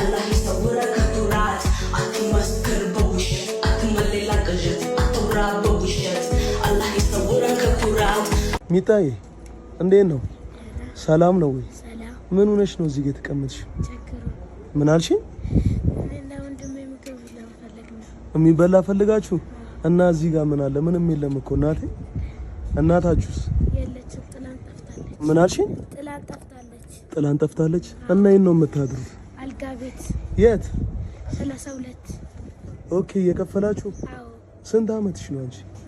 አላህ ሚጣዬ እንዴት ነው? ሰላም ነው ወይ? ምን ሆነሽ ነው እዚህ የተቀመጥሽ? ምን አልሽኝ? የሚበላ ፈልጋችሁ እና እዚህ ጋር ምን አለ? ምንም የለም እኮ እናቴ። እናታችሁስ? ምን አልሽ? ጥላን ጠፍታለች። ጥላን ጠፍታለች እና ይሄን ነው የምታድሩት? ቤት የት? ሰላሳ ሁለት ኦኬ። እየከፈላችሁ ስንት አመትሽ ነው አንቺ?